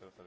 Ελεύθερη.